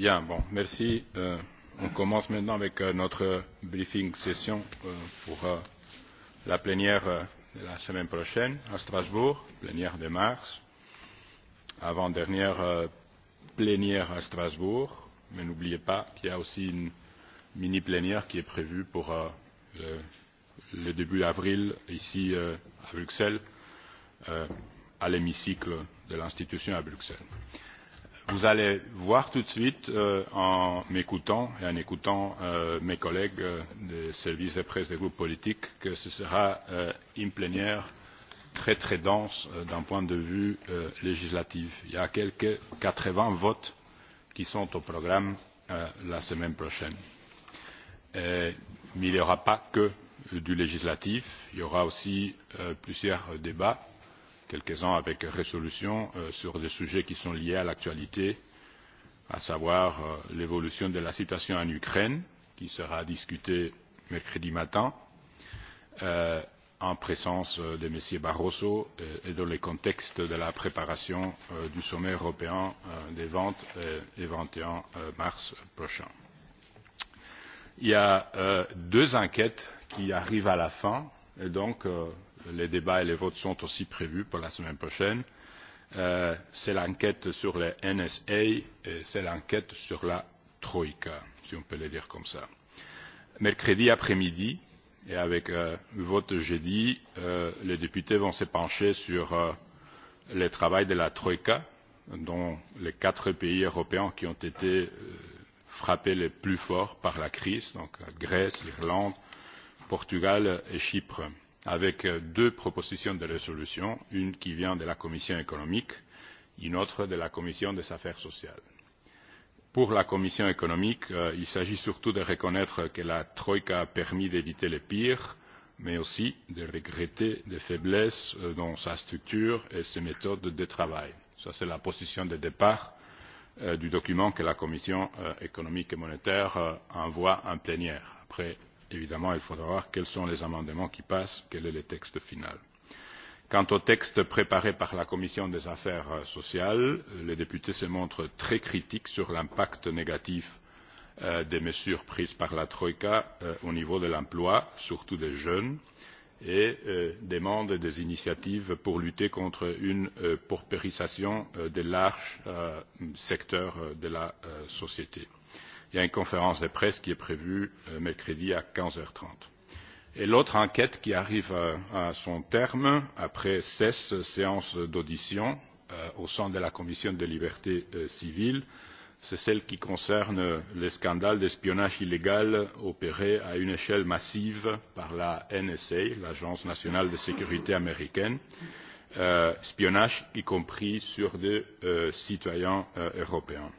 Bien, bon, merci. On commence maintenant avec notre briefing session pour la plénière de la semaine prochaine à Strasbourg, plénière de mars, avant-dernière plénière à Strasbourg. Mais n'oubliez pas qu'il y a aussi une mini-plénière qui est prévue pour le début avril ici à Bruxelles, à l'hémicycle de l'institution à Bruxelles. Vous allez voir tout de suite, en m'écoutant et en écoutant mes collègues des services de presse des groupes politiques, que ce sera une plénière très très dense d'un point de vue législatif. Il y a quelques 80 votes qui sont au programme la semaine prochaine. Mais il n'y aura pas que du législatif, il y aura aussi plusieurs débats quelques-uns avec résolution sur des sujets qui sont liés à l'actualité, à savoir l'évolution de la situation en Ukraine, qui sera discutée mercredi matin, en présence de M. Barroso et dans le contexte de la préparation du sommet européen des ventes et 21 mars prochain. Il y a deux enquêtes qui arrivent à la fin et donc les débats et les votes sont aussi prévus pour la semaine prochaine. C'est l'enquête sur le NSA et c'est l'enquête sur la Troïka, si on peut le dire comme ça. Mercredi après-midi, et avec le vote jeudi, les députés vont se pencher sur le travail de la Troïka, dont les quatre pays européens qui ont été frappés le plus fort par la crise, donc Grèce, l'Irlande, Portugal et Chypre avec deux propositions de résolution une qui vient de la commission économique et une autre de la commission des affaires sociales. pour la commission économique il s'agit surtout de reconnaître que la troïka a permis d'éviter le pire mais aussi de regretter les faiblesses dans sa structure et ses méthodes de travail. c'est la position de départ du document que la commission économique et monétaire envoie en plénière après Évidemment, il faudra voir quels sont les amendements qui passent, quel est le texte final. Quant au texte préparé par la Commission des affaires sociales, les députés se montrent très critiques sur l'impact négatif des mesures prises par la Troïka au niveau de l'emploi, surtout des jeunes, et demandent des initiatives pour lutter contre une paupérisation de larges secteurs de la société. Il y a une conférence de presse qui est prévue mercredi à 15h30. Et l'autre enquête qui arrive à son terme après 16 séances d'audition au sein de la Commission des libertés civiles, c'est celle qui concerne le scandale d'espionnage illégal opéré à une échelle massive par la NSA, l'Agence nationale de sécurité américaine, espionnage y compris sur des citoyens européens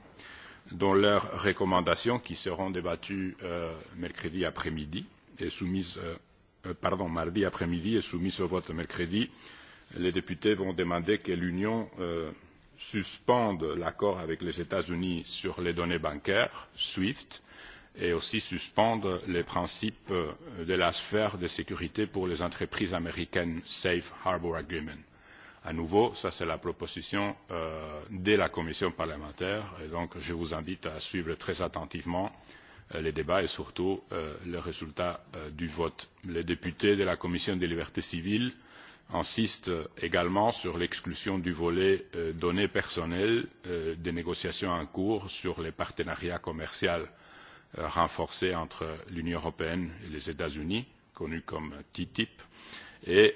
dans leurs recommandations qui seront débattues mercredi après-midi et soumises pardon mardi après-midi et soumises au vote mercredi les députés vont demander que l'union suspende l'accord avec les États-Unis sur les données bancaires SWIFT et aussi suspendre les principes de la sphère de sécurité pour les entreprises américaines Safe Harbor Agreement À nouveau, ça c'est la proposition de la commission parlementaire et donc je vous invite à suivre très attentivement les débats et surtout le résultat du vote. Les députés de la commission des libertés civiles insistent également sur l'exclusion du volet données personnelles des négociations en cours sur les partenariats commercial renforcés entre l'Union européenne et les États-Unis, connus comme TTIP et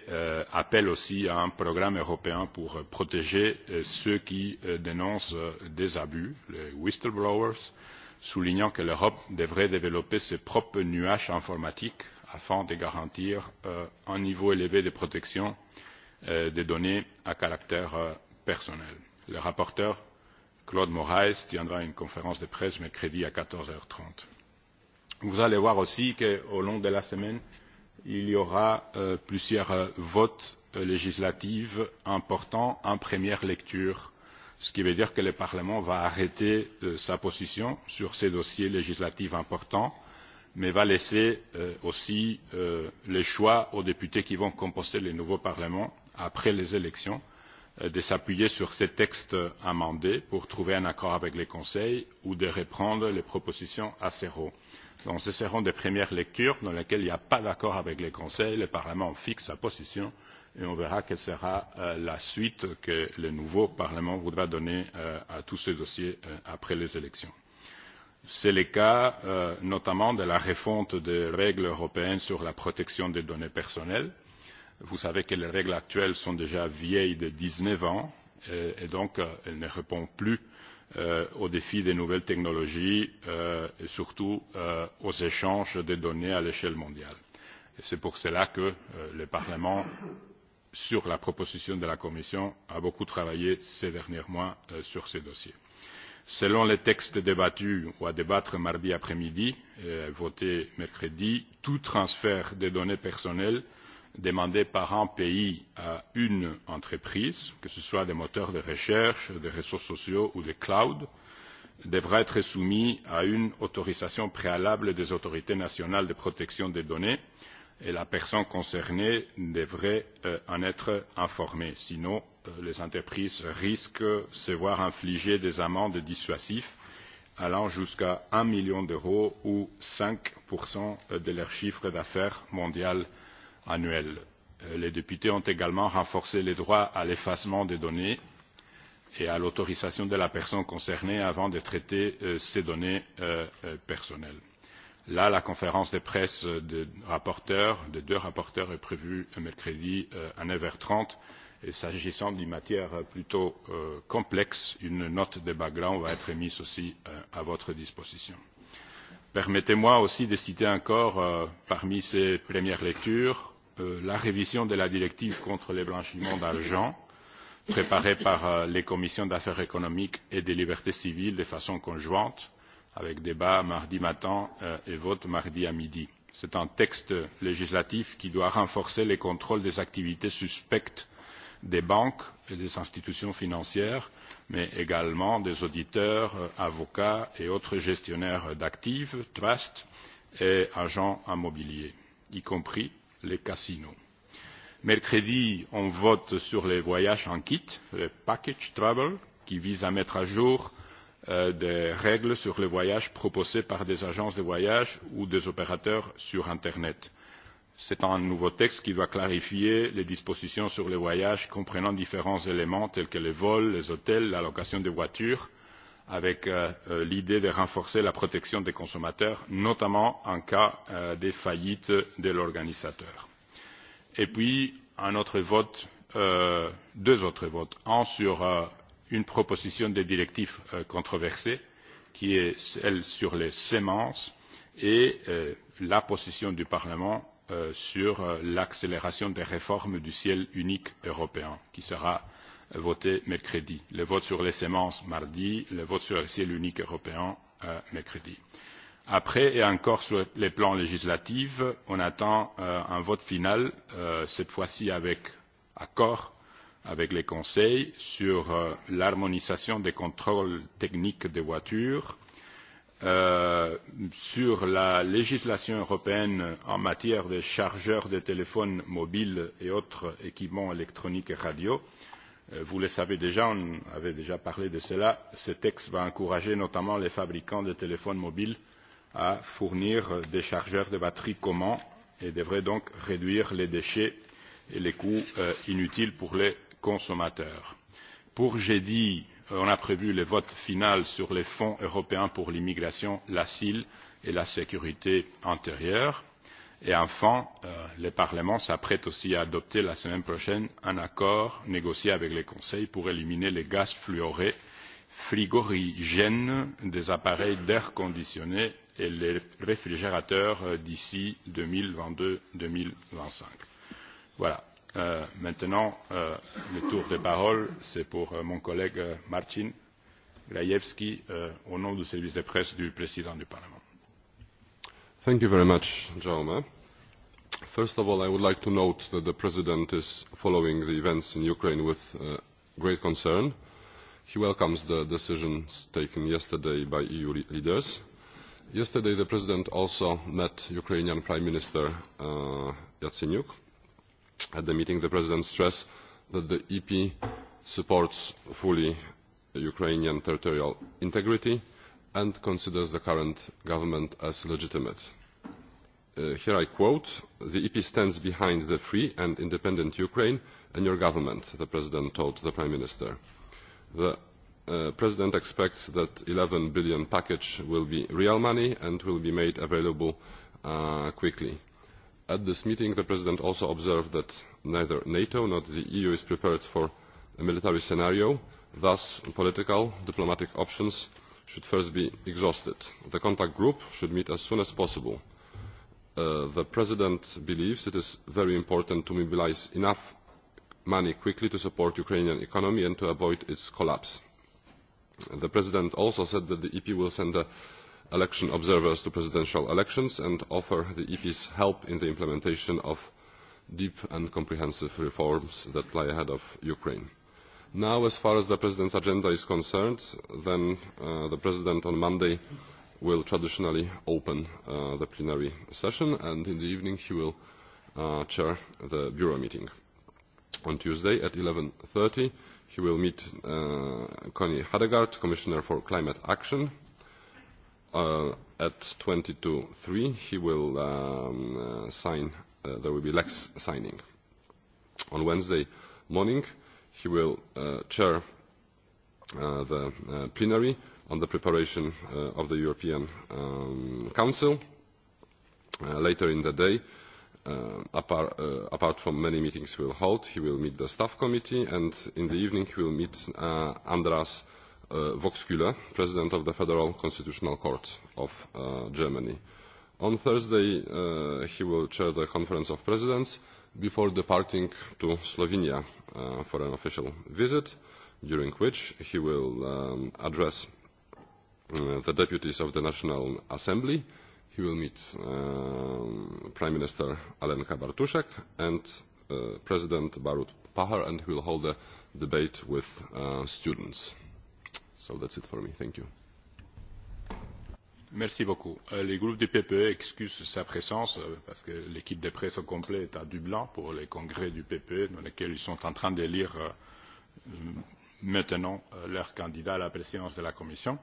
appelle aussi à un programme européen pour protéger ceux qui dénoncent des abus, les whistleblowers, soulignant que l'Europe devrait développer ses propres nuages informatiques afin de garantir un niveau élevé de protection des données à caractère personnel. Le rapporteur Claude Moraes tiendra une conférence de presse mercredi à 14h30. Vous allez voir aussi qu'au long de la semaine, il y aura plusieurs votes législatifs importants en première lecture ce qui veut dire que le parlement va arrêter sa position sur ces dossiers législatifs importants mais va laisser aussi le choix aux députés qui vont composer le nouveau parlement après les élections de s'appuyer sur ces textes amendés pour trouver un accord avec le Conseil ou de reprendre les propositions à zéro. Donc ce seront des premières lectures dans lesquelles il n'y a pas d'accord avec le Conseil. Le Parlement fixe sa position et on verra quelle sera la suite que le nouveau Parlement voudra donner à tous ces dossiers après les élections. C'est le cas notamment de la refonte des règles européennes sur la protection des données personnelles Vous savez que les règles actuelles sont déjà vieilles de dix neuf ans et donc elles ne répondent plus aux défis des nouvelles technologies et surtout aux échanges de données à l'échelle mondiale. C'est pour cela que le Parlement, sur la proposition de la Commission, a beaucoup travaillé ces derniers mois sur ces dossiers. Selon les textes débattus ou à débattre mardi après-midi et votés mercredi, tout transfert de données personnelles demandée par un pays à une entreprise, que ce soit des moteurs de recherche, des réseaux sociaux ou des clouds, devra être soumis à une autorisation préalable des autorités nationales de protection des données et la personne concernée devrait en être informée. Sinon, les entreprises risquent de se voir infliger des amendes dissuasives allant jusqu'à 1 million d'euros ou 5 de leur chiffre d'affaires mondial annuel, Les députés ont également renforcé les droits à l'effacement des données et à l'autorisation de la personne concernée avant de traiter ces données personnelles. Là, la conférence de presse des rapporteurs, deux rapporteurs, est prévue mercredi à 9h30. Et s'agissant d'une matière plutôt complexe, une note de background va être mise aussi à votre disposition. Permettez-moi aussi de citer encore, parmi ces premières lectures, la révision de la directive contre le blanchiment d'argent préparée par les commissions des affaires économiques et des libertés civiles de façon conjointe avec débat mardi matin et vote mardi à midi. c'est un texte législatif qui doit renforcer les contrôles des activités suspectes des banques et des institutions financières mais également des auditeurs avocats et autres gestionnaires d'actifs trusts et agents immobiliers y compris les casinos. Mercredi, on vote sur les voyages en kit, le package travel, qui vise à mettre à jour des règles sur les voyages proposés par des agences de voyage ou des opérateurs sur Internet. C'est un nouveau texte qui doit clarifier les dispositions sur les voyages comprenant différents éléments tels que les vols, les hôtels, la location des voitures avec l'idée de renforcer la protection des consommateurs, notamment en cas de faillite de l'organisateur. Et puis, un autre vote, deux autres votes. Un sur une proposition de directive controversée, qui est celle sur les semences, et la position du Parlement sur l'accélération des réformes du ciel unique européen, qui sera voté mercredi. Le vote sur les semences mardi, le vote sur le ciel unique européen mercredi. Après, et encore sur les plans législatifs, on attend un vote final, cette fois-ci avec accord avec le Conseil, sur l'harmonisation des contrôles techniques des voitures, sur la législation européenne en matière de chargeurs de téléphones mobiles et autres équipements électroniques et radio, Vous le savez déjà, on avait déjà parlé de cela, ce texte va encourager notamment les fabricants de téléphones mobiles à fournir des chargeurs de batterie communs et devrait donc réduire les déchets et les coûts inutiles pour les consommateurs. Pour jeudi, on a prévu le vote final sur les fonds européens pour l'immigration, l'asile et la sécurité intérieure et enfin le parlement s'apprête aussi à adopter la semaine prochaine un accord négocié avec le conseil pour éliminer les gaz fluorés frigorigènes des appareils d'air conditionné et les réfrigérateurs d'ici deux mille vingt deux deux mille vingt cinq voilà maintenant le tour de parole c'est pour mon collègue Martin Grajewski au nom du service de presse du président du parlement thank you very much jaume First of all, I would like to note that the President is following the events in Ukraine with great concern. He welcomes the decisions taken yesterday by EU leaders. Yesterday, the President also met Ukrainian Prime Minister Yatsenyuk. At the meeting, the President stressed that the EP supports fully Ukrainian territorial integrity and considers the current government as legitimate here I quote, the EP stands behind the free and independent Ukraine and your government, the President told the Prime Minister. The President expects that 11 billion package will be real money and will be made available quickly. At this meeting, the President also observed that neither NATO nor the EU is prepared for a military scenario. Thus, political, diplomatic options should first be exhausted. The contact group should meet as soon as possible the President believes it is very important to mobilise enough money quickly to support the Ukrainian economy and to avoid its collapse. The President also said that the EP will send election observers to presidential elections and offer the EP's help in the implementation of deep and comprehensive reforms that lie ahead of Ukraine. Now, as far as the President's agenda is concerned, then the President on Monday will traditionally open the plenary session and in the evening he will chair the Bureau meeting. On Tuesday at 11.30 he will meet Connie Hadegaard, Commissioner for Climate Action. At 22.03 he will sign, there will be Lex signing. On Wednesday morning he will chair the plenary on the preparation of the European Council later in the day. Apart from many meetings we will hold, he will meet the staff committee and in the evening he will meet Andras Voxküller, President of the Federal Constitutional Court of Germany. On Thursday he will chair the Conference of Presidents before departing to Slovenia for an official visit, during which he will address the deputies of the National Assembly. He will meet Prime Minister Alenka Bartuszek and President Barut Pahar and he will hold a debate with students. So that's it for me. Thank you. Merci beaucoup. Le groupe du PPE excuse sa présence parce que l'équipe de presse au complet est à Dublin pour les congrès du PPE dans lesquels ils sont en train de lire maintenant leur candidat à la présidence de la Commission.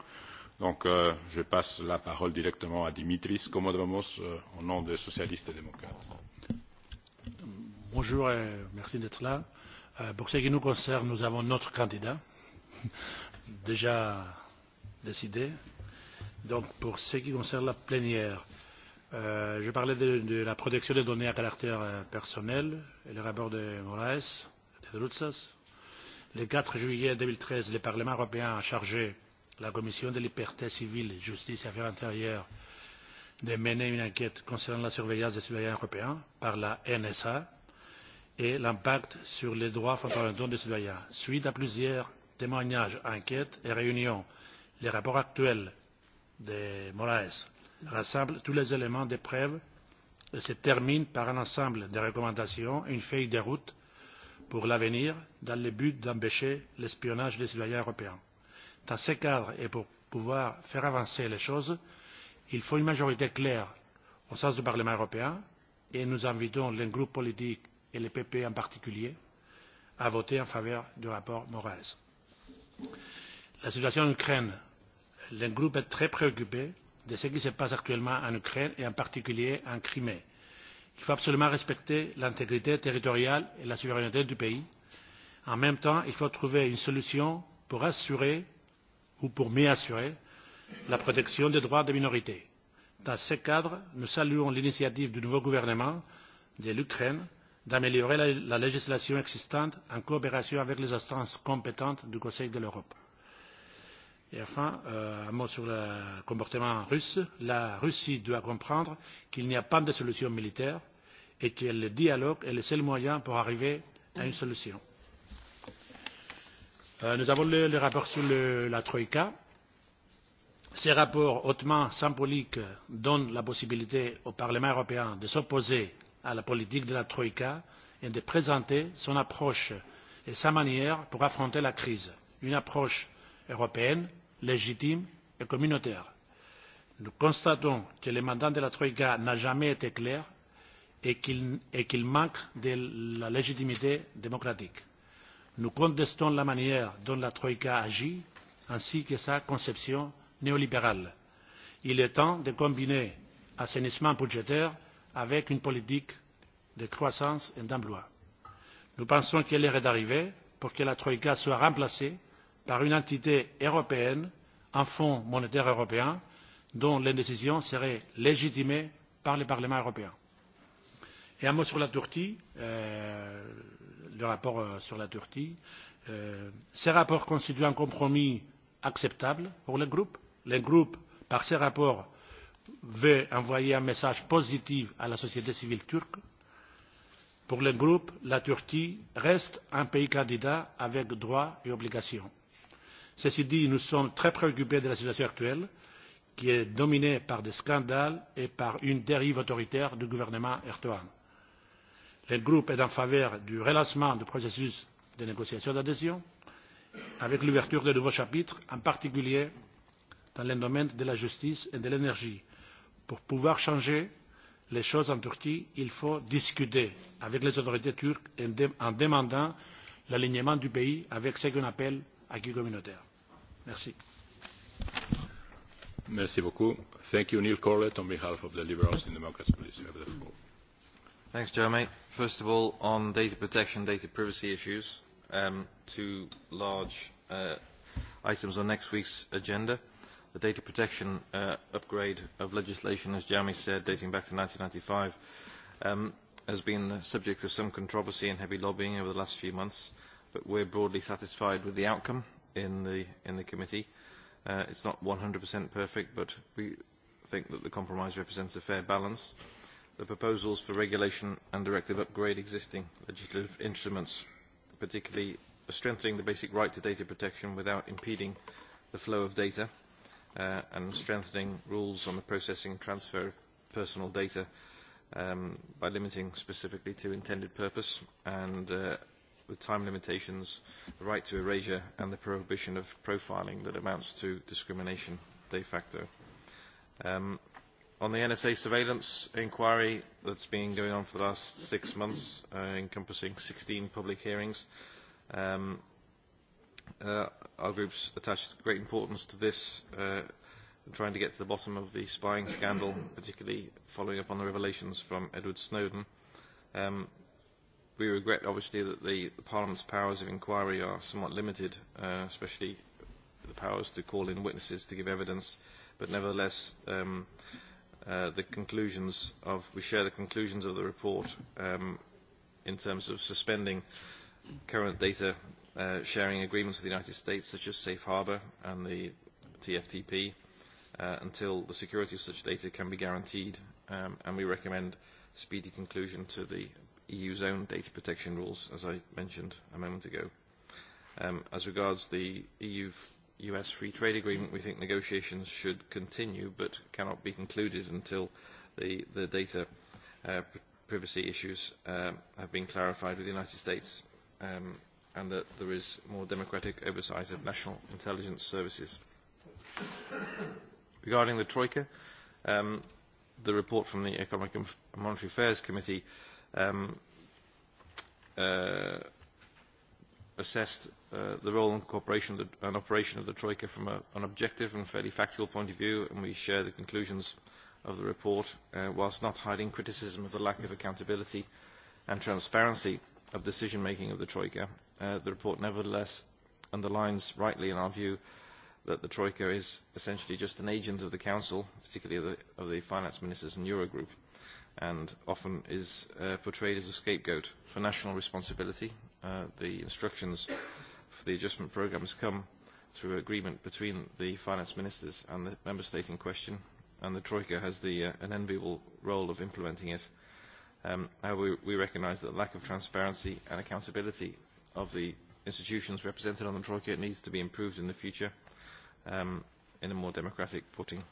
Donc je passe la parole directement à Dimitris Komodromos au nom des socialistes et démocrates. Bonjour et merci d'être là. Pour ce qui nous concerne, nous avons notre candidat déjà décidé. Donc pour ce qui concerne la plénière, je parlais de la protection des données à caractère personnel et le rapport de Moraes et de Rutsas Le 4 juillet 2013, le Parlement européen a chargé la Commission de liberté civile, justice et affaires intérieures de mener une enquête concernant la surveillance des citoyens européens par la NSA et l'impact sur les droits fondamentaux des citoyens. Suite à plusieurs témoignages, enquêtes et réunions, le rapport actuel de Moraes rassemble tous les éléments de preuve et se termine par un ensemble de recommandations, une feuille de route pour l'avenir dans le but d'empêcher l'espionnage des citoyens européens. Dans ce cadre et pour pouvoir faire avancer les choses, il faut une majorité claire au sens du Parlement européen et nous invitons les groupes politiques et les PP en particulier à voter en faveur du rapport Moraes. La situation en Ukraine. Le groupe est très préoccupé de ce qui se passe actuellement en Ukraine et en particulier en Crimée Il faut absolument respecter l'intégrité territoriale et la souveraineté du pays. En même temps, il faut trouver une solution pour assurer ou pour mieux assurer la protection des droits des minorités. Dans ce cadre, nous saluons l'initiative du nouveau gouvernement de l'Ukraine d'améliorer la législation existante en coopération avec les instances compétentes du Conseil de l'Europe. Et enfin, un mot sur le comportement russe. La Russie doit comprendre qu'il n'y a pas de solution militaire et que le dialogue est le seul moyen pour arriver à une solution. Nous avons le rapport sur la Troïka. Ce rapport hautement symbolique donne la possibilité au Parlement européen de s'opposer à la politique de la Troïka et de présenter son approche et sa manière pour affronter la crise. Une approche européenne légitime et communautaire. Nous constatons que le mandat de la Troïka n'a jamais été clair et qu'il manque de la légitimité démocratique. Nous contestons la manière dont la Troïka agit ainsi que sa conception néolibérale. Il est temps de combiner assainissement budgétaire avec une politique de croissance et d'emploi. Nous pensons qu'il est arrivée pour que la Troïka soit remplacée par une entité européenne, un fonds monétaire européen, dont les décisions seraient légitimées par le Parlement européen. Et un mot sur la Turquie, le rapport sur la Turquie. Ce rapport constitue un compromis acceptable pour le groupe. Le groupe, par ce rapport, veut envoyer un message positif à la société civile turque. Pour le groupe, la Turquie reste un pays candidat avec droits et obligations. Ceci dit, nous sommes très préoccupés de la situation actuelle, qui est dominée par des scandales et par une dérive autoritaire du gouvernement Erdogan. Le groupe est en faveur du relancement du processus de négociation d'adhésion, avec l'ouverture de nouveaux chapitres, en particulier dans les domaines de la justice et de l'énergie. Pour pouvoir changer les choses en Turquie, il faut discuter avec les autorités turques en demandant l'alignement du pays avec ce qu'on appelle acquis Merci. Merci beaucoup. Thank you, Neil Corlett, on behalf of the Liberals and Democrats. Please the floor. Thanks, Jeremy. First of all, on data protection, data privacy issues, um, two large items on next week's agenda. The data protection upgrade of legislation, as Jeremy said, dating back to 1995, um, has been the subject of some controversy and heavy lobbying over the last few months but we're broadly satisfied with the outcome in the in the committee. It's not 100% perfect, but we think that the compromise represents a fair balance. The proposals for regulation and directive upgrade existing legislative instruments, particularly strengthening the basic right to data protection without impeding the flow of data, and strengthening rules on the processing and transfer of personal data by limiting specifically to intended purpose and with time limitations, the right to erasure, and the prohibition of profiling that amounts to discrimination de facto. On the NSA surveillance inquiry that's been going on for the last six months, encompassing 16 public hearings, our groups attached great importance to this, trying to get to the bottom of the spying scandal, particularly following up on the revelations from Edward Snowden we regret obviously that the Parliament's powers of inquiry are somewhat limited, especially the powers to call in witnesses to give evidence, but nevertheless the conclusions of we share the conclusions of the report in terms of suspending current data sharing agreements with the United States such as Safe Harbour and the TFTP until the security of such data can be guaranteed and we recommend speedy conclusion to the EU's own data protection rules, as I mentioned a moment ago. As regards the EU-US Free Trade Agreement, we think negotiations should continue but cannot be concluded until the data privacy issues have been clarified with the United States and that there is more democratic oversight of national intelligence services. Regarding the Troika, the report from the Economic and Monetary Affairs Committee assessed the role and cooperation and operation of the Troika from an objective and fairly factual point of view, and we share the conclusions of the report, whilst not hiding criticism of the lack of accountability and transparency of decision-making of the Troika. The report nevertheless underlines rightly, in our view, that the Troika is essentially just an agent of the Council, particularly of the finance ministers and Eurogroup and often is portrayed as a scapegoat for national responsibility. The instructions for the adjustment programmes come through agreement between the finance ministers and the member state in question, and the Troika has the an enviable role of implementing it. However, we recognise that the lack of transparency and accountability of the institutions represented on the Troika needs to be improved in the future in a more democratic footing.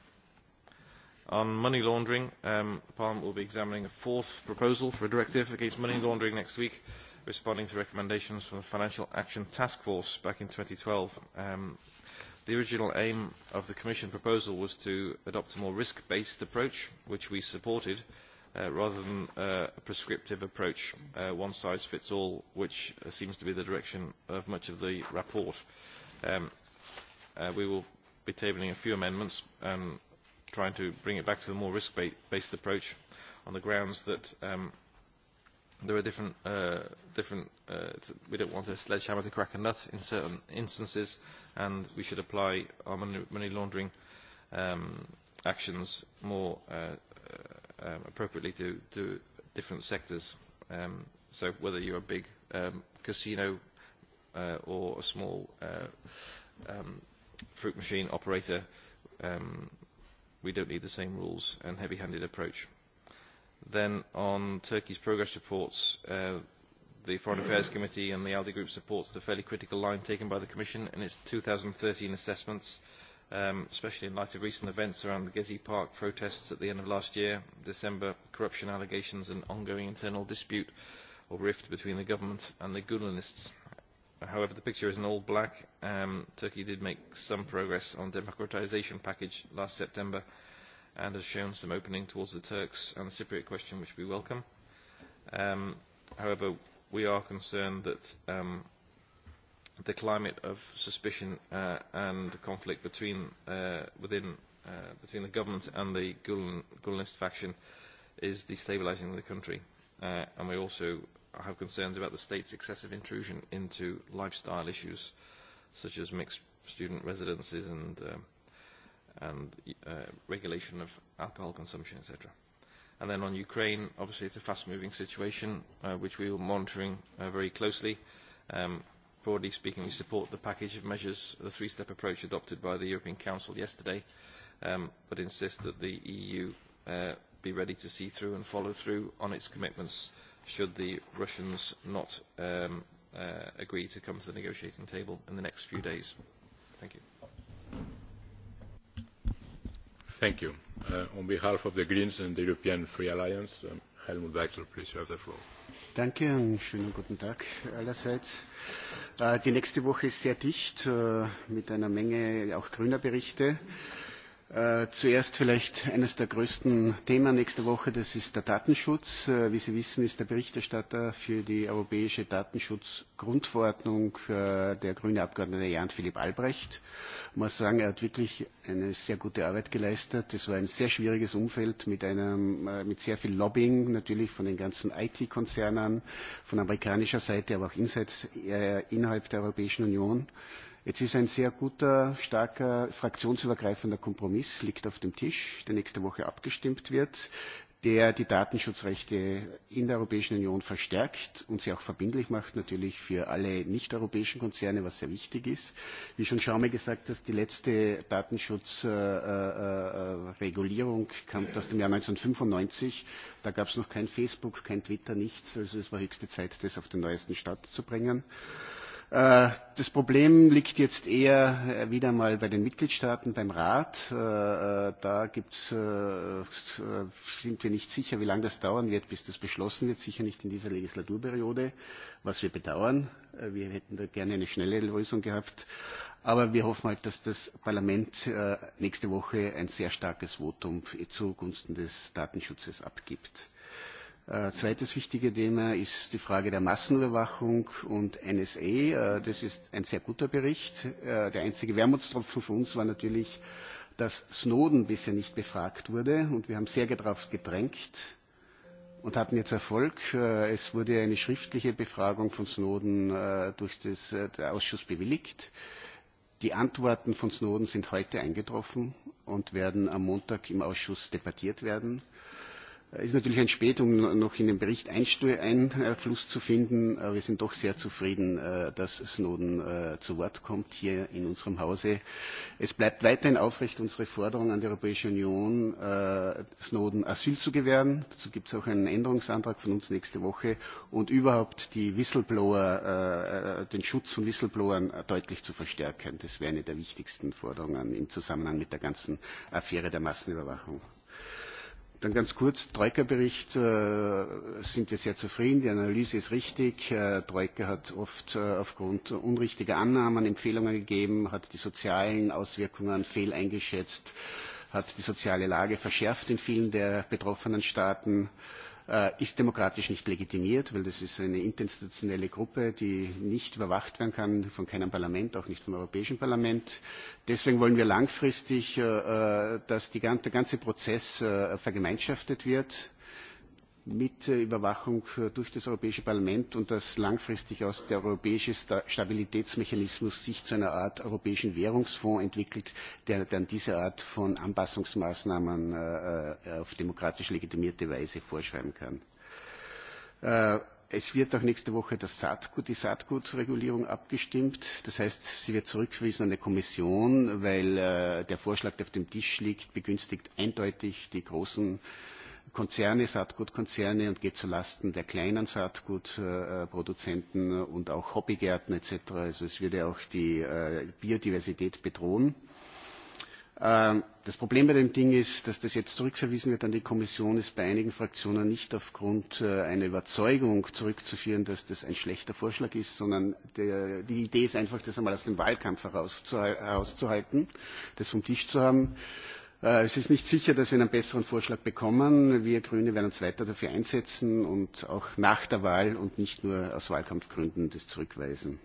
On money laundering, Parliament will be examining a fourth proposal for a directive against money laundering next week, responding to recommendations from the Financial Action Task Force back in 2012. The original aim of the Commission proposal was to adopt a more risk-based approach, which we supported, rather than a prescriptive approach, one-size-fits-all, which seems to be the direction of much of the report. We will be tabling a few amendments, and trying to bring it back to the more risk-based approach on the grounds that there are different, different we don't want a sledgehammer to crack a nut in certain instances, and we should apply our money laundering actions more appropriately to, to different sectors. so whether you're a big casino or a small fruit machine operator, um, we don't need the same rules and heavy-handed approach. Then on Turkey's progress reports, the Foreign Affairs Committee and the ALDE Group supports the fairly critical line taken by the Commission in its 2013 assessments, especially in light of recent events around the Gezi Park protests at the end of last year, December corruption allegations and ongoing internal dispute or rift between the government and the Gulenists However, the picture is an all black. Turkey did make some progress on the democratisation package last September and has shown some opening towards the Turks and the Cypriot question, which we welcome. However, we are concerned that the climate of suspicion and conflict between within between the government and the Gulenist faction is destabilising the country. And we also I have concerns about the state's excessive intrusion into lifestyle issues such as mixed student residences and and regulation of alcohol consumption, etc. And then on Ukraine, obviously it's a fast-moving situation which we are monitoring very closely. Broadly speaking, we support the package of measures, the three-step approach adopted by the European Council yesterday, but insist that the EU be ready to see through and follow through on its commitments should the Russians not agree to come to the negotiating table in the next few days. Thank you. Thank you. On behalf of the Greens and the European Free Alliance, Helmut Weichel, please, have the floor. Danke, und schönen guten Tag allerseits. Die nächste Woche ist sehr dicht mit einer Menge auch grüner Berichte. Zuerst vielleicht eines der größten Themen nächste Woche, das ist der Datenschutz. Wie Sie wissen, ist der Berichterstatter für die Europäische Datenschutzgrundverordnung der grüne Abgeordnete Jan Philipp Albrecht. Ich muss sagen, er hat wirklich eine sehr gute Arbeit geleistet. Es war ein sehr schwieriges Umfeld mit sehr viel Lobbying, natürlich von den ganzen IT-Konzernen, von amerikanischer Seite, aber auch innerhalb der Europäischen Union. Jetzt ist ein sehr guter, starker, fraktionsübergreifender Kompromiss, liegt auf dem Tisch, der nächste Woche abgestimmt wird, der die Datenschutzrechte in der Europäischen Union verstärkt und sie auch verbindlich macht, natürlich für alle nicht-europäischen Konzerne, was sehr wichtig ist. Wie schon Schaume gesagt hat, die letzte Datenschutzregulierung kam aus dem Jahr 1995. Da gab es noch kein Facebook, kein Twitter, nichts. Also es war höchste Zeit, das auf den neuesten Stand zu bringen. Das Problem liegt jetzt eher wieder mal bei den Mitgliedstaaten, beim Rat. Da sind wir nicht sicher, wie lange das dauern wird, bis das beschlossen wird, sicher nicht in dieser Legislaturperiode, was wir bedauern. Wir hätten da gerne eine schnelle Lösung gehabt. Aber wir hoffen halt, dass das Parlament nächste Woche ein sehr starkes Votum zugunsten des Datenschutzes abgibt. Zweites wichtige Thema ist die Frage der Massenüberwachung und NSA. Das ist ein sehr guter Bericht. Der einzige Wermutstropfen für uns war natürlich, dass Snowden bisher nicht befragt wurde. Und wir haben sehr darauf gedrängt und hatten jetzt Erfolg. Es wurde eine schriftliche Befragung von Snowden durch den Ausschuss bewilligt. Die Antworten von Snowden sind heute eingetroffen und werden am Montag im Ausschuss debattiert werden. Es ist natürlich ein spät, um noch in den Bericht Einfluss zu finden, aber wir sind doch sehr zufrieden, dass Snowden zu Wort kommt hier in unserem Hause. Es bleibt weiterhin aufrecht unsere Forderung an die Europäische Union, Snowden Asyl zu gewähren. Dazu gibt es auch einen Änderungsantrag von uns nächste Woche und überhaupt die Whistleblower, den Schutz von Whistleblowern deutlich zu verstärken. Das wäre eine der wichtigsten Forderungen im Zusammenhang mit der ganzen Affäre der Massenüberwachung. Dann ganz kurz, Troika-Bericht sind wir sehr zufrieden. Die Analyse ist richtig. Troika hat oft aufgrund unrichtiger Annahmen Empfehlungen gegeben, hat die sozialen Auswirkungen fehl eingeschätzt, hat die soziale Lage verschärft in vielen der betroffenen Staaten ist demokratisch nicht legitimiert, weil das ist eine interinstitutionelle Gruppe, die nicht überwacht werden kann von keinem Parlament, auch nicht vom Europäischen Parlament. Deswegen wollen wir langfristig, dass der ganze Prozess vergemeinschaftet wird mit Überwachung durch das Europäische Parlament und dass langfristig aus der europäische Stabilitätsmechanismus sich zu einer Art europäischen Währungsfonds entwickelt, der dann diese Art von Anpassungsmaßnahmen auf demokratisch legitimierte Weise vorschreiben kann. Es wird auch nächste Woche das Saatgut, die Saatgutregulierung abgestimmt. Das heißt, sie wird zurückgewiesen an die Kommission, weil der Vorschlag, der auf dem Tisch liegt, begünstigt eindeutig die großen Konzerne, Saatgutkonzerne und geht zulasten der kleinen Saatgutproduzenten und auch Hobbygärten etc. Also es würde auch die Biodiversität bedrohen. Das Problem bei dem Ding ist, dass das jetzt zurückverwiesen wird an die Kommission, ist bei einigen Fraktionen nicht aufgrund einer Überzeugung zurückzuführen, dass das ein schlechter Vorschlag ist, sondern die Idee ist einfach, das einmal aus dem Wahlkampf herauszuhalten, das vom Tisch zu haben. Es ist nicht sicher, dass wir einen besseren Vorschlag bekommen. Wir Grüne werden uns weiter dafür einsetzen und auch nach der Wahl und nicht nur aus Wahlkampfgründen das zurückweisen.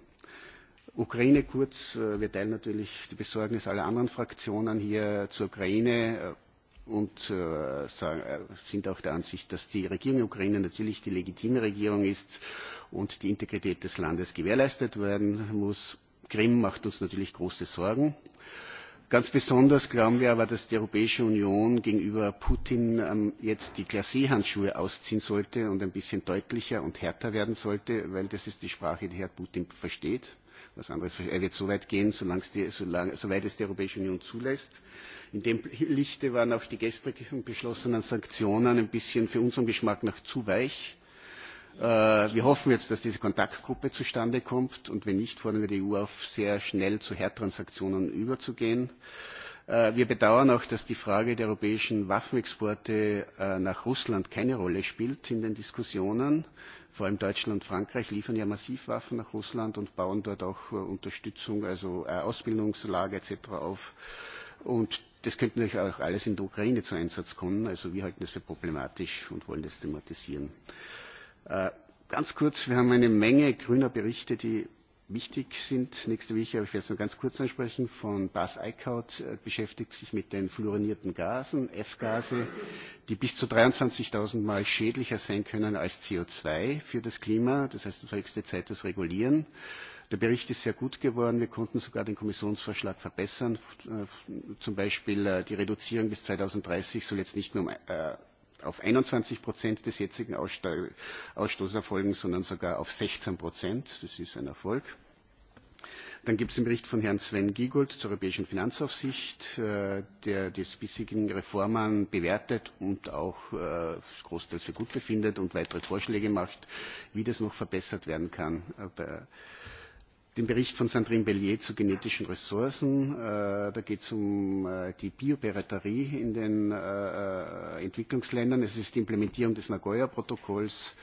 Ukraine kurz. Wir teilen natürlich die Besorgnis aller anderen Fraktionen hier zur Ukraine und sind auch der Ansicht, dass die Regierung der Ukraine natürlich die legitime Regierung ist und die Integrität des Landes gewährleistet werden muss. Krim macht uns natürlich große Sorgen. Ganz besonders glauben wir aber, dass die Europäische Union gegenüber Putin jetzt die glachandschuhe ausziehen sollte und ein bisschen deutlicher und härter werden sollte, weil das ist die Sprache, die Herr Putin versteht. Was er wird so weit gehen, soweit es die Europäische Union zulässt. In dem Lichte waren auch die gestrigen beschlossenen Sanktionen ein bisschen für unseren Geschmack noch zu weich Wir hoffen jetzt, dass diese Kontaktgruppe zustande kommt, und wenn nicht, fordern wir die EU auf, sehr schnell zu Herdtransaktionen überzugehen. Wir bedauern auch, dass die Frage der europäischen Waffenexporte nach Russland keine Rolle spielt in den Diskussionen. Vor allem Deutschland und Frankreich liefern ja massiv Waffen nach Russland und bauen dort auch Unterstützung, also Ausbildungslage etc. auf. Und das könnte natürlich auch alles in der Ukraine zum Einsatz kommen. Also wir halten das für problematisch und wollen das thematisieren. Ganz kurz, wir haben eine Menge grüner Berichte, die wichtig sind. Nächste Woche, aber ich werde es nur ganz kurz ansprechen, von Bas Eickhout beschäftigt sich mit den fluorinierten Gasen, F-Gase, die bis zu 23.000 Mal schädlicher sein können als CO2 für das Klima. Das heißt, es ist höchste Zeit, das regulieren. Der Bericht ist sehr gut geworden. Wir konnten sogar den Kommissionsvorschlag verbessern. Zum Beispiel die Reduzierung bis 2030 soll jetzt nicht nur um auf 21 des jetzigen Ausstoßes erfolgen, sondern sogar auf 16 Das ist ein Erfolg. Dann gibt es den Bericht von Herrn Sven Giegold zur europäischen Finanzaufsicht, der die bisherigen Reformen bewertet und auch großteils für gut befindet und weitere Vorschläge macht, wie das noch verbessert werden kann den Bericht von Sandrine Bellier zu genetischen Ressourcen. Da geht es um die Biopiraterie in den Entwicklungsländern. Es ist die Implementierung des Nagoya-Protokolls,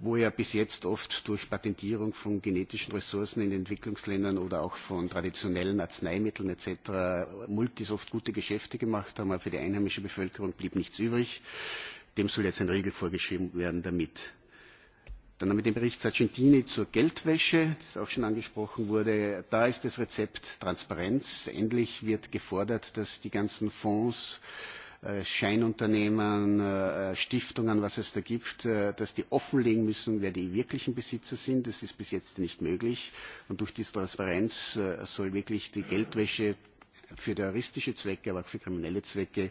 wo ja bis jetzt oft durch Patentierung von genetischen Ressourcen in Entwicklungsländern oder auch von traditionellen Arzneimitteln etc. Multis gute Geschäfte gemacht haben, aber für die einheimische Bevölkerung blieb nichts übrig. Dem soll jetzt ein Regel vorgeschrieben werden damit. Dann haben wir den Bericht Sargentini zur Geldwäsche, das auch schon angesprochen wurde. Da ist das Rezept Transparenz. Endlich wird gefordert, dass die ganzen Fonds, Scheinunternehmen, Stiftungen, was es da gibt, dass die offenlegen müssen, wer die wirklichen Besitzer sind. Das ist bis jetzt nicht möglich. Und durch diese Transparenz soll wirklich die Geldwäsche für terroristische Zwecke, aber auch für kriminelle Zwecke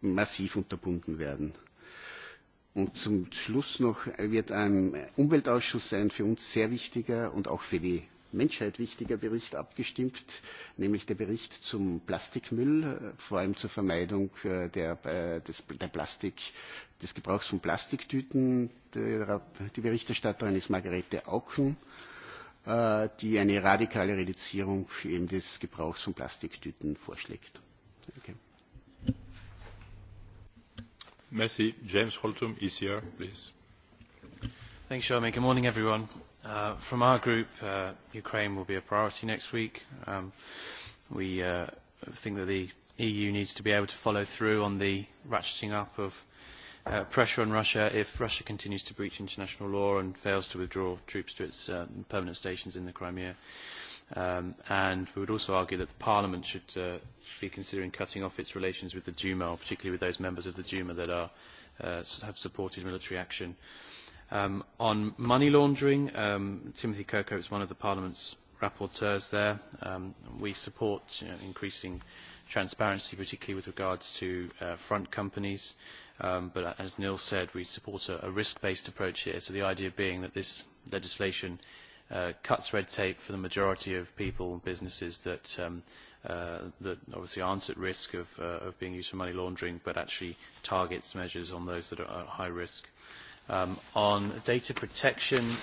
massiv unterbunden werden. Und zum Schluss noch wird im Umweltausschuss ein für uns sehr wichtiger und auch für die Menschheit wichtiger Bericht abgestimmt, nämlich der Bericht zum Plastikmüll, vor allem zur Vermeidung der Plastik, des Gebrauchs von Plastiktüten. Die Berichterstatterin ist Margarete Auken, die eine radikale Reduzierung des Gebrauchs von Plastiktüten vorschlägt. Merci. James Holtum, ECR, please. Thanks, Good morning, everyone. From our group, Ukraine will be a priority next week. We think that the EU needs to be able to follow through on the ratcheting up of pressure on Russia if Russia continues to breach international law and fails to withdraw troops to its permanent stations in the Crimea and we would also argue that Parliament should be considering cutting off its relations with the Duma, particularly with those members of the Duma that have supported military action. On money laundering, Timothy Kirkhope is one of the Parliament's rapporteurs there. We support increasing transparency, particularly with regards to front companies, but as Neil said, we support a risk-based approach here, so the idea being that this legislation cuts red tape for the majority of people and businesses that obviously aren't at risk of being used for money laundering, but actually targets measures on those that are at high risk. On data protection,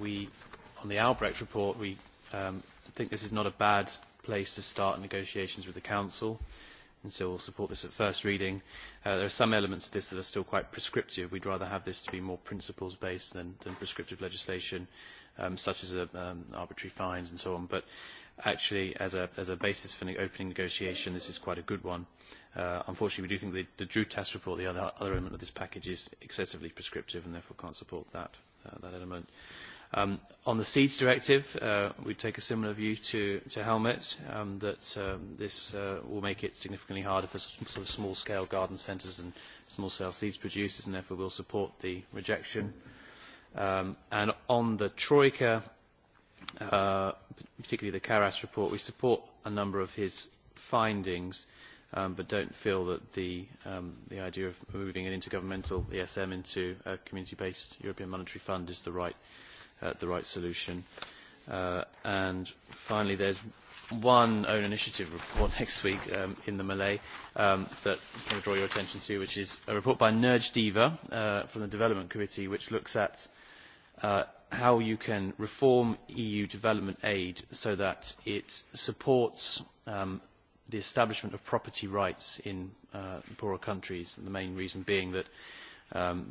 we on the Albrecht report, we think this is not a bad place to start negotiations with the Council and so will support this at first reading. There are some elements of this that are still quite prescriptive. We'd rather have this to be more principles-based than prescriptive legislation, such as arbitrary fines and so on. But actually, as a as a basis for opening negotiation, this is quite a good one. Unfortunately, we do think the Drew test report, the other element of this package, is excessively prescriptive and therefore can't support that element. On the seeds directive, we take a similar view to Helmet, that this will make it significantly harder for sort small-scale garden centres and small-scale seeds producers, and therefore will support the rejection. And on the Troika, particularly the Karas report, we support a number of his findings, but don't feel that the idea of moving an intergovernmental ESM into a community-based European Monetary Fund is the right the right solution. And finally, there's one own initiative report next week in the Malay that I want draw your attention to, which is a report by Nerj Diva from the Development Committee, which looks at how you can reform EU development aid so that it supports the establishment of property rights in poorer countries, the main reason being that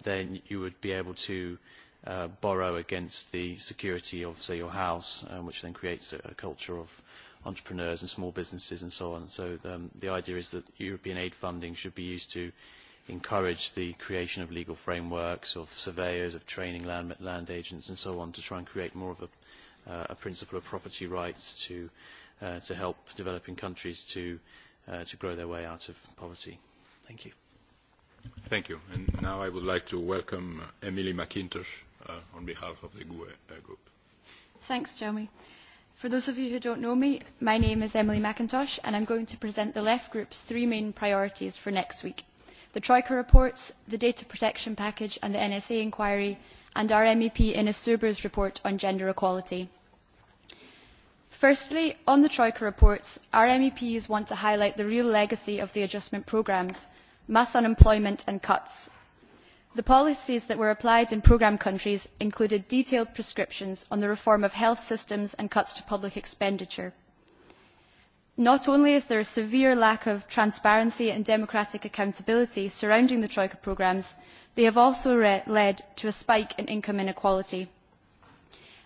then you would be able to borrow against the security of, say, your house, which then creates a culture of entrepreneurs and small businesses and so on. So the idea is that European aid funding should be used to encourage the creation of legal frameworks, of surveyors, of training land agents and so on to try and create more of a principle of property rights to to help developing countries to to grow their way out of poverty. Thank you. Thank you. And now I would like to welcome Emily McIntosh on behalf of the group. Thanks, Jeremy. For those of you who don't know me, my name is Emily McIntosh and I'm going to present the Left Group's three main priorities for next week. The Troika reports, the Data Protection Package and the NSA inquiry, and our MEP Ines Suber's report on gender equality. Firstly, on the Troika reports, our MEPs want to highlight the real legacy of the adjustment programmes, mass unemployment and cuts, the policies that were applied in programme countries included detailed prescriptions on the reform of health systems and cuts to public expenditure. not only is there a severe lack of transparency and democratic accountability surrounding the troika programmes they have also led to a spike in income inequality.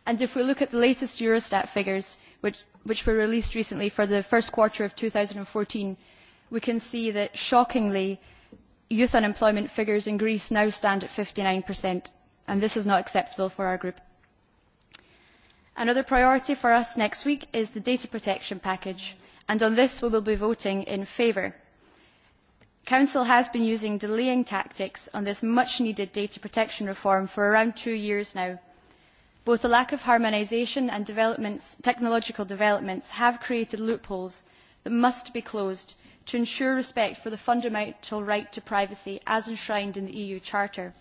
if we look at the latest eurostat figures which were released recently for the first quarter of two fourteen we can see that shockingly youth unemployment figures in Greece now stand at fifty nine, and this is not acceptable for our group. Another priority for us next week is the data protection package, and on this we will be voting in favour. The Council has been using delaying tactics on this much-needed data protection reform for around two years now. Both the lack of harmonisation and technological developments have created loopholes that must be closed to ensure respect for the fundamental right to privacy as enshrined in the EU Charter.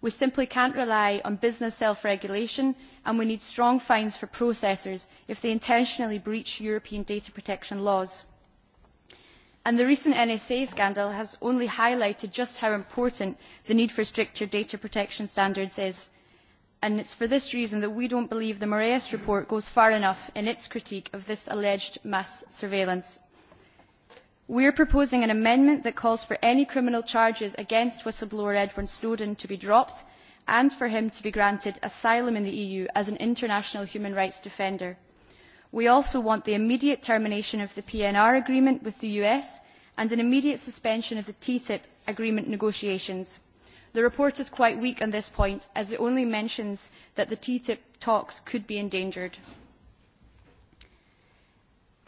We simply cannot rely on business self-regulation and we need strong fines for processors if they intentionally breach European data protection laws. the recent NSA scandal has only highlighted just how important the need for stricter data protection standards is. And it is for this reason that we do not believe the Moraes report goes far enough in its critique of this alleged mass surveillance we are proposing an amendment that calls for any criminal charges against whistleblower edward snowden to be dropped and for him to be granted asylum in the eu as an international human rights defender. we also want the immediate termination of the pnr agreement with the us and an immediate suspension of the ttip agreement negotiations. the report is quite weak on this point as it only mentions that the ttip talks could be endangered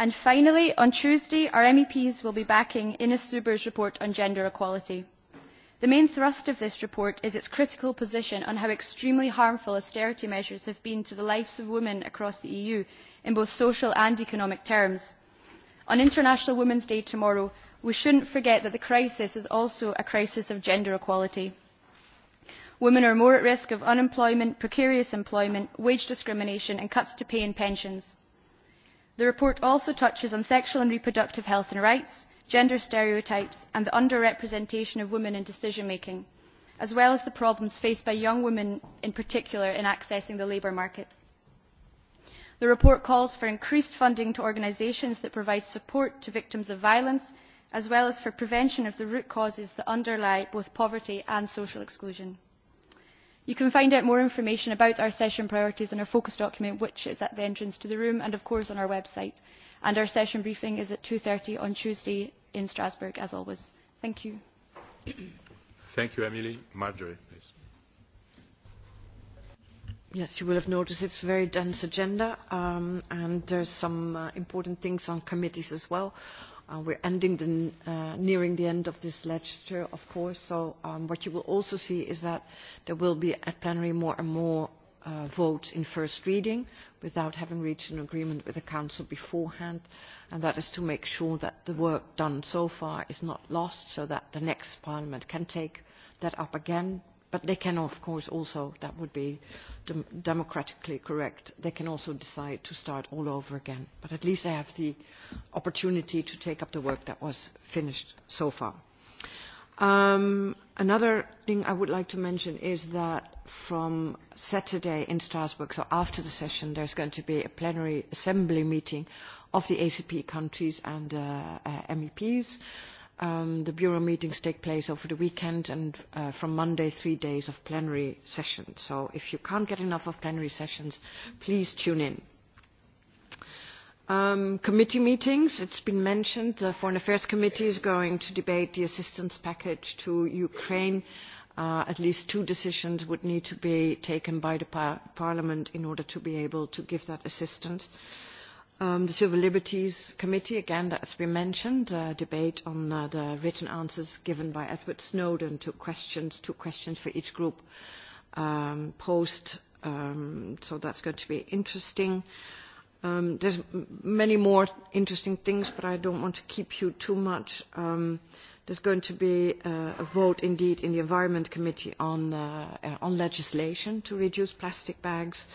and finally on tuesday our meps will be backing ines zuber's report on gender equality. the main thrust of this report is its critical position on how extremely harmful austerity measures have been to the lives of women across the eu in both social and economic terms. on international women's day tomorrow we should not forget that the crisis is also a crisis of gender equality. Women are more at risk of unemployment, precarious employment, wage discrimination and cuts to pay and pensions the report also touches on sexual and reproductive health and rights gender stereotypes and the under representation of women in decision making as well as the problems faced by young women in particular in accessing the labour market. the report calls for increased funding to organisations that provide support to victims of violence as well as for prevention of the root causes that underlie both poverty and social exclusion. You can find out more information about our session priorities in our focus document, which is at the entrance to the room and, of course, on our website. And our session briefing is at 2.30 on Tuesday in Strasbourg, as always. Thank you. Thank you, Emily. Marjorie, please. Yes, you will have noticed it's a very dense agenda, and there are some important things on committees as well We're ending nearing the end of this legislature, of course, so what you will also see is that there will be at plenary more and more votes in first reading without having reached an agreement with the Council beforehand, and that is to make sure that the work done so far is not lost so that the next Parliament can take that up again But they can, of course, also, that would be democratically correct, they can also decide to start all over again. But at least they have the opportunity to take up the work that was finished so far. Another thing I would like to mention is that from Saturday in Strasbourg, so after the session, there's going to be a plenary assembly meeting of the ACP countries and MEPs The Bureau meetings take place over the weekend and from Monday three days of plenary sessions. So if you can't get enough of plenary sessions, please tune in. Committee meetings, it's been mentioned, the Foreign Affairs Committee is going to debate the assistance package to Ukraine. At least two decisions would need to be taken by the Parliament in order to be able to give that assistance. The Civil Liberties Committee, again, as we mentioned, a debate on the written answers given by Edward Snowden to questions, two questions for each group post um So that's going to be interesting. There's many more interesting things, but I don't want to keep you too much. Um There's going to be a vote, indeed, in the Environment Committee on legislation to reduce plastic bags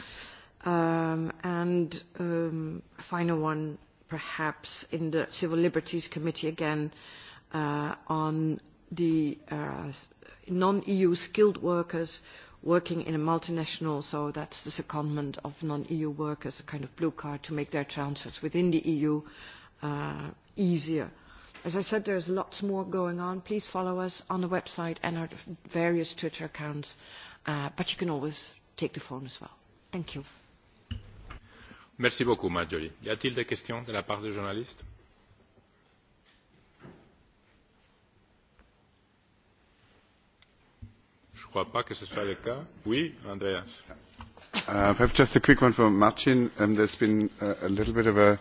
And a final one, perhaps, in the Civil Liberties Committee again, on the non-EU skilled workers working in a multinational, so that's the secondment of non-EU workers, a kind of blue card to make their transfers within the EU easier. As I said, there there's lots more going on. Please follow us on the website and our various Twitter accounts, but you can always take the phone as well. Thank you. Merci beaucoup, Marjorie. Y a-t-il des questions de la part des journalistes Je ne crois pas que ce soit le cas. Oui, Andreas. I have just a quick one for Martin. There's been a little bit of a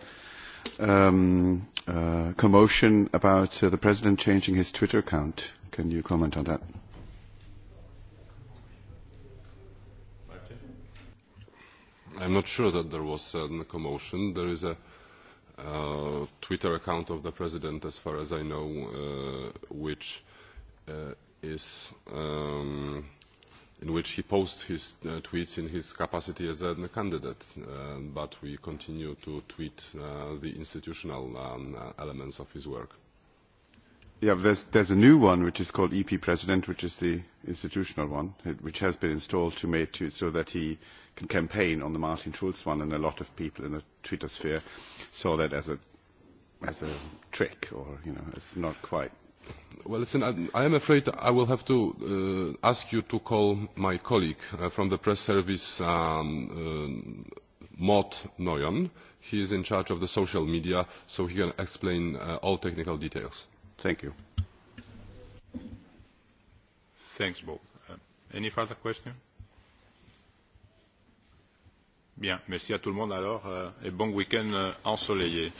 commotion about the president changing his Twitter account. Can you comment on that? I'm not sure that there was a commotion. There is a Twitter account of the president, as far as I know, which is in which he posts his tweets in his capacity as a candidate, but we continue to tweet the institutional elements of his work. Yeah, there's, a new one which is called EP President, which is the institutional one, which has been installed to make so that he can campaign on the Martin Schulz one, and a lot of people in the Twitter sphere saw that as a as a trick, or you know, it's not quite. Well, listen, I am afraid I will have to ask you to call my colleague from the press service, um, Noyon. He is in charge of the social media, so he can explain all technical details. Thank you. Thanks, Bob. Any further question? Bien, merci à tout le monde alors et bon week-end ensoleillé.